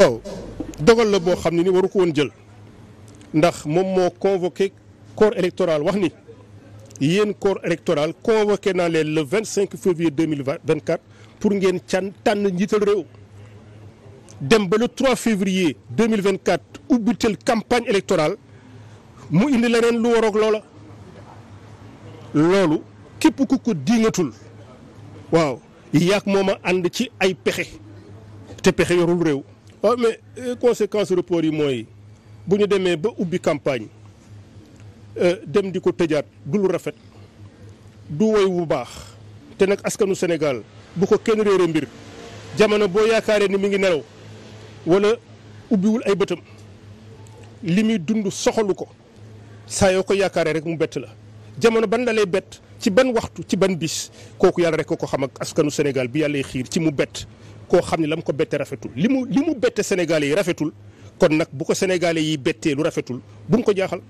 waaw dogal la boo xam ne ni waru ko woon jël ndax moom moo convoqué corps électoral wax ni yéen corps électoral convoqué naa leen le 25 février 2024 pour ngeen can tànn njiital réew dem ba le 3 février 2024 ubbitel campagne électorale mu indi leneen lu waroog loola loolu képp ku ko waaw yaag moom a ànd ci ay pexe te pexe yorul réew waaw mais euh, conséquence report yi mooy bu ñu demee ba ubbi campagne euh, dem di ko tëjaat du lu rafet du woy wu baax te nag askanu Sénégal bu ko kenn réere mbir jamono boo yaakaaree ni mi ngi nelaw wala ubbiwul ay bëtam li muy dund soxalu ko saa yoo ko yaakaaree rek mu bett la jamono ban la lay bett ci ban waxtu ci ban bis kooku yàlla rek ko ko xam ak askanu Sénégal bi yàlla xiir ci mu bett koo xam ne la mu ko bette rafetul li mu li mu bette Sénégalais yi rafetul kon nag bu ko Sénégalais yi bettee lu rafetul bu mu ko jaaxal